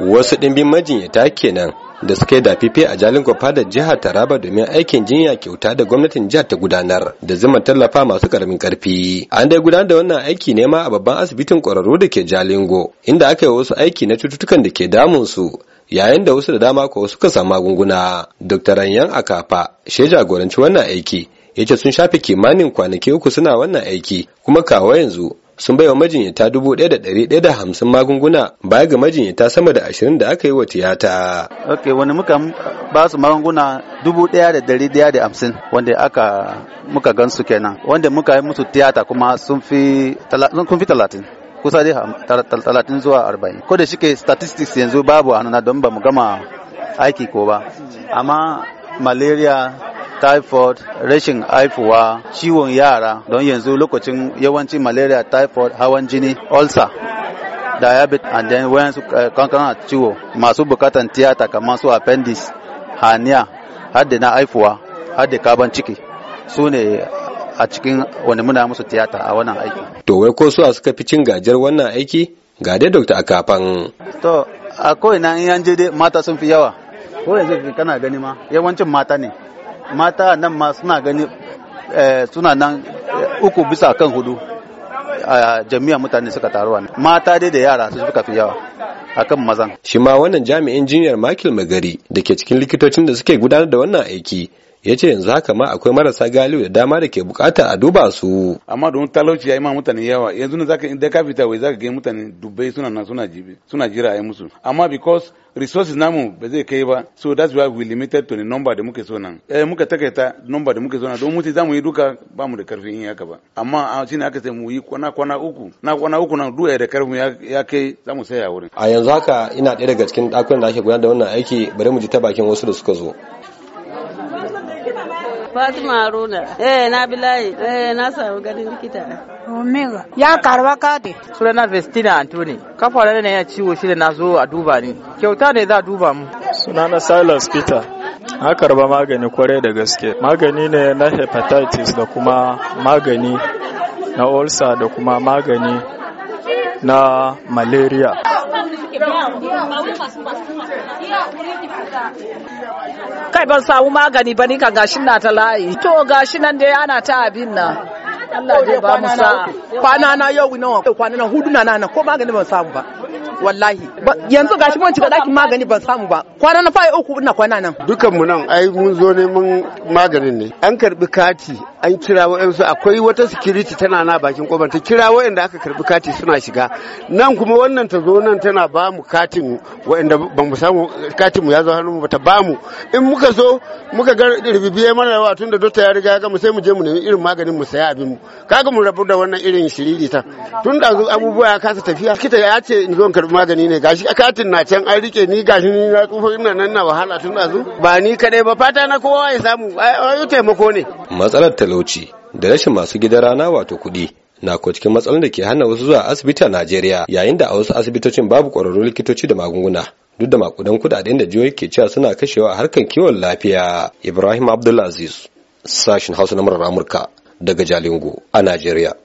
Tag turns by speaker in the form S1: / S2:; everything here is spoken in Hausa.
S1: wasu ɗimbin majinyata kenan da suka yi dafife a jalin gwafa da jihar taraba domin aikin jinya kyauta da gwamnatin jihar ta gudanar da zuma tallafa masu karamin karfi an dai gudanar da wannan aiki ne ma a babban asibitin kwararru da ke jalingo inda aka yi wasu aiki na cututtukan da ke damun su yayin da wasu da dama ko suka samu magunguna dr ranyan akafa shi jagoranci wannan aiki ya ce sun shafe kimanin kwanaki uku suna wannan aiki kuma kawo yanzu sun bai wa majinyata dubu ɗaya da ɗari ɗaya da hamsin magunguna baya ga majinyata sama da ashirin da aka yi wa tiyata.
S2: ok wani muka ba su magunguna dubu ɗaya da ɗari ɗaya da hamsin wanda aka muka gansu kenan wanda muka yi musu tiyata kuma sun fi talatin. kusa dai talatin zuwa arba'in ko da shike statistics yanzu babu a don ba mu gama aiki ko ba amma malaria typhoid rashin haifuwa ciwon yara don yanzu lokacin yawanci malaria typhoid hawan jini ulcer diabetes and then su eh, kankan ciwo masu bukatan tiyata kamar su appendix hania har na haifuwa har kaban ciki su ne a cikin wani muna musu tiyata a wannan aiki. To wai ko su a suka fi cin gajiyar wannan aiki ga dai dokta a kafan. To a na in an je mata sun fi yawa ko yanzu kana gani ma yawancin mata ne. mata nan ma suna gani eh, suna nan eh, uku bisa kan hudu a jami'a mutane suka taruwa mata dai da yara su suka fi yawa akan mazan
S1: shi ma wannan jami'in jinyar makil Magari da ke cikin likitocin da suke gudanar da wannan aiki ya ce yanzu haka ma akwai marasa galiu da dama da ke
S2: bukata a duba su amma don talauci ya yi ma mutane yawa yanzu ne zaka inda ka fita wai zaka ga mutane dubbai suna na suna jibi suna jira ayi musu amma because resources namu ba zai kai ba so that's why we limited to the number da muke so nan eh muka takaita number da muke so nan don mutum zamu yi duka ba mu da karfi in haka ba amma cikin haka sai mu yi kwana kwana uku na kwana uku nan duka da karfin ya kai zamu saya wurin
S1: a yanzu haka ina ɗaya daga cikin ɗakunan da ake gudanar da wannan aiki bari mu ji ta bakin wasu da suka zo
S2: Fatima Haruna. Eh na bi layi. Eh na samu ganin likita. Omega. Ya de. Sura na Vestina Antoni. Kafa ne ya ciwo shi da na zo a duba ni. Kyauta ne za a duba mu. na Silas Peter.
S1: Na karba magani kwarai da gaske. Magani ne na hepatitis da kuma magani na ulcer da kuma magani na malaria.
S2: kai ban samu magani ba ni ka gashin na ta layi to gashi nan dai ana ta abin nan Allah zai ba mu sa kwana na yau nawa kwana na hudu na nan ko magani ban samu ba wallahi yanzu gashi mun cika dakin magani ban samu ba kwana na fa'i uku ina kwana nan dukan mu nan ai mun zo neman maganin ne an karbi kati an kira wa'yansu akwai wata security tana na bakin kofar ta kira wa'yanda aka karbi kati suna shiga nan kuma wannan ta zo nan tana ba mu katin wa'yanda ba mu samu katin mu ya zo hannun mu ta ba mu in muka zo muka ga ribibiye mana yawa tunda dokta ya riga mu sai mu je mu nemi irin maganin mu saya abin mu kaga mu rabu da wannan irin shiriri ta tun da abubuwa ya kasa tafiya kita ya ce in zo karbi magani ne gashi katin na can an rike ni gashi ni na tsufa ina nan na wahala tun da ba ni kadai ba fata na kowa ya samu ayo taimako ne
S1: matsalar talauci da rashin masu gidan rana wato kuɗi na ko cikin matsalar da ke hana wasu zuwa asibiti a Najeriya yayin da a wasu asibitocin babu ƙwararrun likitoci da magunguna duk da makudan kudaden da jihohi ke cewa suna kashewa a harkar kiwon lafiya Ibrahim Abdulaziz sashin Hausa na murar Amurka daga Jalingo a Najeriya